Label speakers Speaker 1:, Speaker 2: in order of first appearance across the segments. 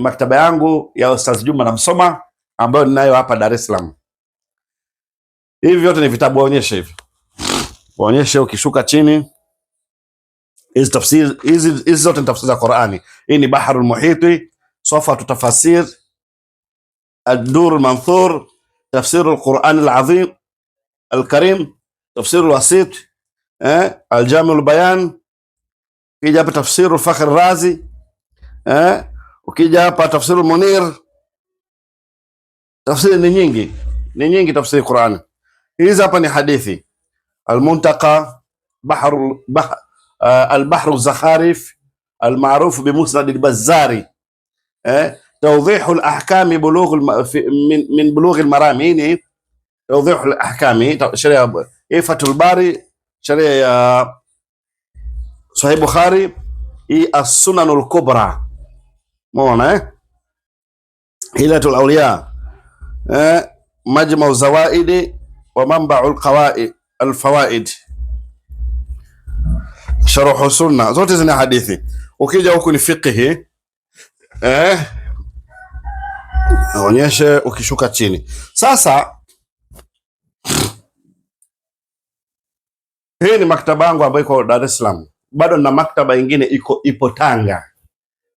Speaker 1: maktaba yangu ya Ustaz Juma na Msoma ambayo ninayo hapa Dar es Salaam. Hivi vyote ni vitabu, waonyeshe hivi, waonyeshe. Ukishuka chini, hizi tafsiri hizi zote ni tafsiri za Qur'ani. Hii ni Baharul Muhiti, Safwatu Tafasir, Ad-Durul Manthur, Tafsirul al Azim Al-Karim, Tafsirul Wasit, eh, Al-Jamiul Bayan, hii hapa Tafsirul Fakhr Razi, eh Ukija hapa tafsiru Munir, tafsiri ni nyingi, ni nyingi tafsiri Qurani. Hizi hapa ni hadithi Almuntaqa, bahru bah, uh, albahru zakharif almarufu bimusnad albazari eh, tawdihu alahkami bulugh min, min bulugh almarami. Hii ni tawdihu alahkami, sharia ifatul bari, sharia ya Sahih Bukhari, hii as-sunan al-kubra Umeona eh? Hilatul Awliya eh, Majmau Zawaidi wa Manbaul Qawaid Alfawaid, Sharhu Sunna, zote zina hadithi. Ukija huku ni fiqhi eh, naonyeshe ukishuka chini. Sasa hii ni maktaba yangu ambayo iko Dar es Salaam, bado na maktaba ingine iko ipo Tanga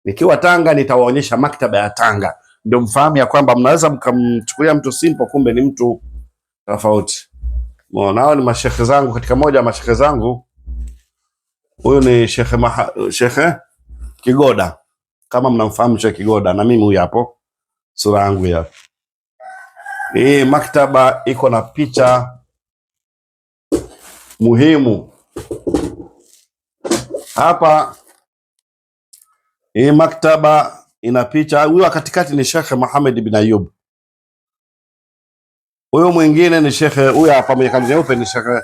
Speaker 1: Nikiwa Tanga nitawaonyesha maktaba ya Tanga, ndio mfahamu ya kwamba mnaweza mkamchukulia mtu simple, kumbe ni mtu tofauti. Nao ni mashehe zangu katika moja ya mashehe zangu, huyu ni shekhe maha, shekhe Kigoda, kama mnamfahamu shekhe Kigoda, na mimi huyu hapo sura yangu ya hii maktaba iko na picha muhimu hapa hii maktaba ina picha. Huyu wa katikati ni Shekhe Muhammad bin Ayub, huyu mwingine ni shekhe, huyu hapa mwenye kanzu nyeupe ni Shekhe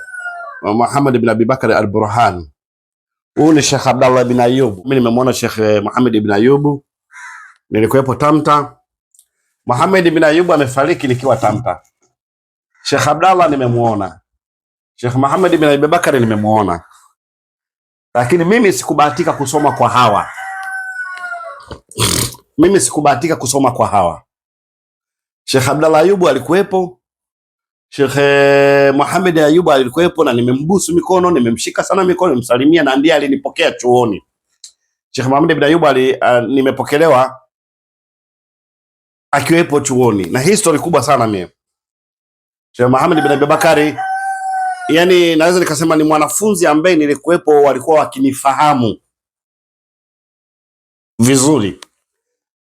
Speaker 1: Muhammad bin Abi Bakar al-Burhan. Huyu ni Shekhe Abdallah bin Ayub. Mimi nimemwona Shekhe Muhammad bin Ayub, nilikuwepo Tamta. Muhammad bin Ayub amefariki nikiwa Tamta. Shekhe Abdallah nimemuona, Shekhe Muhammad bin Abi Bakar nimemuona, lakini mimi sikubahatika kusoma kwa hawa mimi sikubahatika kusoma kwa hawa. Sheikh Abdallah Ayubu alikuwepo, Sheikh eh, Muhammad Ayubu alikuwepo na nimembusu mikono, nimemshika sana mikono, nimsalimia na ndiye alinipokea chuoni. Sheikh Muhammad bin Ayubu ali, uh, nimepokelewa akiwepo chuoni na history kubwa sana mimi. Sheikh Mohamed bin Abubakari, yani naweza nikasema ni mwanafunzi ambaye nilikuwepo, walikuwa wakinifahamu vizuri,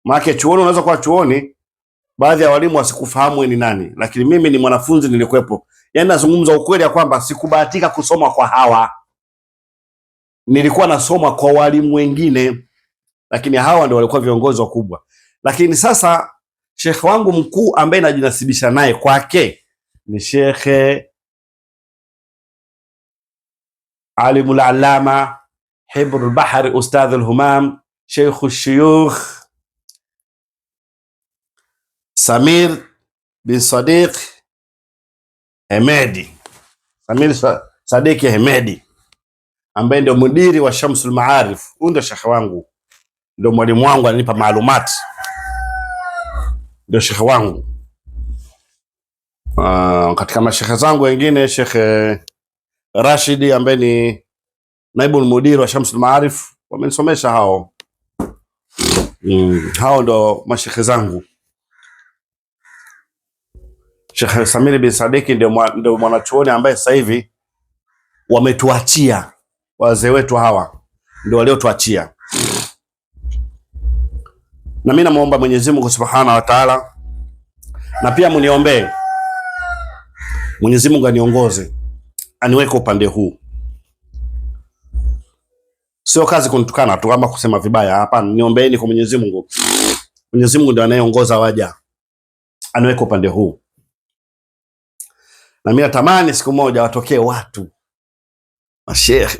Speaker 1: maana chuoni unaweza kuwa chuoni, baadhi ya walimu wasikufahamu ni nani, lakini mimi ni mwanafunzi nilikuwepo. Yani nazungumza ukweli ya kwamba sikubahatika kusoma kwa hawa, nilikuwa nasoma kwa walimu wengine, lakini hawa ndio walikuwa viongozi wakubwa. Lakini sasa shekhe wangu mkuu ambaye najinasibisha naye kwake ni shekhe alimul alama Hibrul Bahari Ustadhul Humam Sheikhu Shuyukh Samir bin Sadiq Hemedi, Samir Sadiq Hemedi ambaye ndio mudiri wa Shamsul Maarif. Huyu ndio shekhe wangu, ndio mwalimu wangu, ananipa maalumati, ndio shekhe wangu. Uh, ah, katika mashekhe zangu wengine Shekhe Rashidi ambaye ni naibu mudiri wa Shamsul Maarif wamenisomesha hao Mm, hao ndo mashehe zangu. Sheikh Samiri bin Sadiki ndio mwanachuoni ambaye sasa hivi wametuachia wazee wetu hawa ndio waliotuachia, na mimi namuomba Mwenyezi Mungu Subhanahu wa Ta'ala, na pia muniombee Mwenyezi Mungu aniongoze, aniweke upande huu Sio kazi kunitukana tu ama kusema vibaya, hapana. Niombeeni kwa Mwenyezi Mungu. Mwenyezi Mungu ndiye anayeongoza waja, anaweka upande huu, na mimi natamani siku moja watokee watu mashekhe,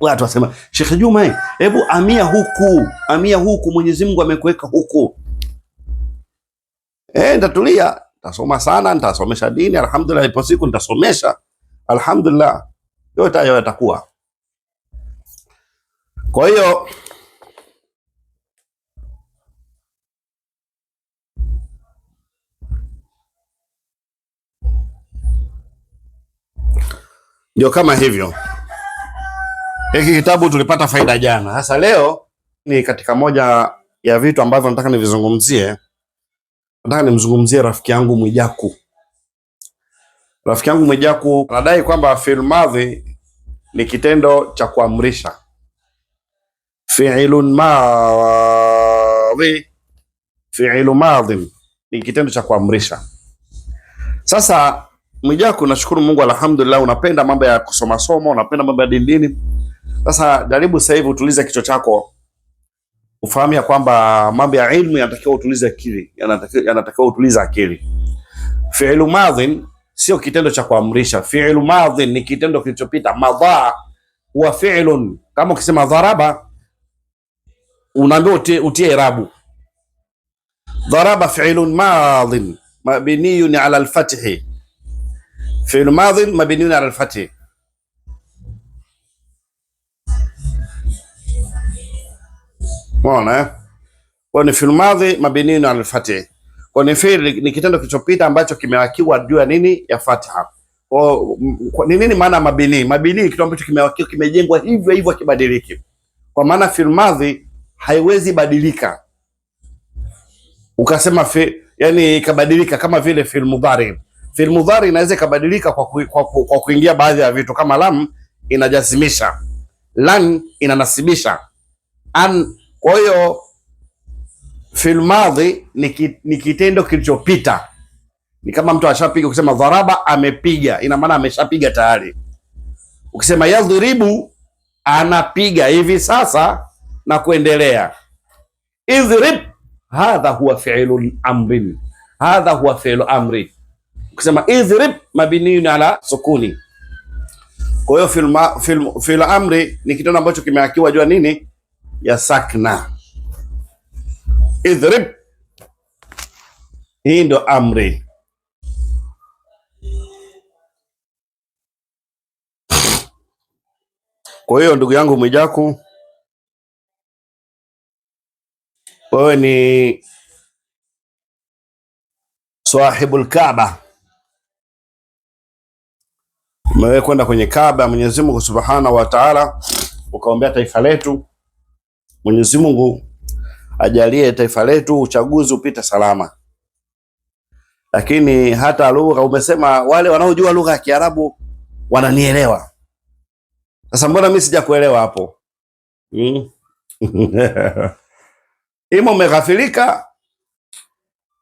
Speaker 1: watu wasema, Shekhe Juma, hebu amia huku, amia huku, Mwenyezi Mungu amekuweka huku. Eh, nitatulia, nitasoma sana, nitasomesha dini, alhamdulillah. Ipo siku nitasomesha, alhamdulillah, yote hayo yatakuwa kwa hiyo ndio kama hivyo, hiki kitabu tulipata faida jana. Sasa leo ni katika moja ya vitu ambavyo nataka nivizungumzie. Nataka nimzungumzie rafiki yangu Mwijaku. Rafiki yangu Mwijaku anadai kwamba filmadhi ni kitendo cha kuamrisha fi'lu madhi, fi'lu madhi ni kitendo cha kuamrisha. Sasa Mwijaku, nashukuru Mungu, alhamdulillah, unapenda mambo ya kusoma somo, unapenda mambo ya dini Sasa jaribu sasa hivi utulize kichwa chako, ufahamu ya kwamba mambo ya ilmu yanatakiwa utulize akili, yanatakiwa utulize akili. Fi'lu madhi sio kitendo cha kuamrisha. Fi'lu madhi ni kitendo kilichopita. Madha huwa fi'lun, kama ukisema dharaba unaambiwa utie, utie irabu. Daraba fi'lun madhin mabniyun ala alfathi, fi'lun madhin mabniyun ala alfathi. Mona eh? Kwa ni fi'lun madhi mabniyun ala alfathi, kwa ni fi'l ni kitendo kilichopita ambacho kimewakiwa juu ya nini? Ya fatha. O, Ni nini maana mabini? Mabini kitu ambacho kimewakiwa kimejengwa hivyo hivyo, kibadiliki. Kwa maana fi'l madhi haiwezi badilika ukasema fi, yani ikabadilika kama vile filmu dhari. Filmu dhari inaweza ikabadilika kwa, ku, kwa, ku, kwa kuingia baadhi ya vitu kama lam inajazimisha, lan inanasibisha an. Kwa hiyo fi'l madhi ni kitendo kilichopita, ni kama mtu ashapiga. Ukisema dharaba, amepiga, ina maana ameshapiga tayari. Ukisema yadhribu, anapiga hivi sasa na kuendelea. Idhrib, hadha huwa fi'lu amrin, hadha huwa fi'lu amri. Ukisema idhrib, mabiniyun ala sukuni. Kwa hiyo fil fil fil amri ni kitendo ambacho kimeakiwa jua nini ya sakna. Idhrib, hii ndo amri Kwa hiyo ndugu yangu Mwijaku Kwa hiyo ni sahibul Kaaba, umewe kwenda kwenye Kaaba ya Mwenyezi Mungu Subhanahu wa Ta'ala, ukaombea taifa letu. Mwenyezi Mungu ajalie taifa letu uchaguzi upite salama. Lakini hata lugha umesema wale wanaojua lugha ya Kiarabu wananielewa. Sasa mbona mimi sijakuelewa hapo? Hmm? Ima umeghafilika,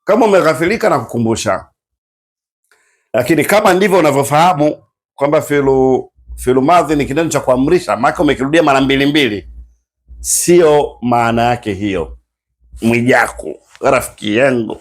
Speaker 1: kama umeghafilika na kukumbusha, lakini kama ndivyo unavyofahamu kwamba filu filu madhi ni kinendo cha kuamrisha, maana umekirudia mara mbili mbili, sio maana yake hiyo. Mwijaku rafiki yangu.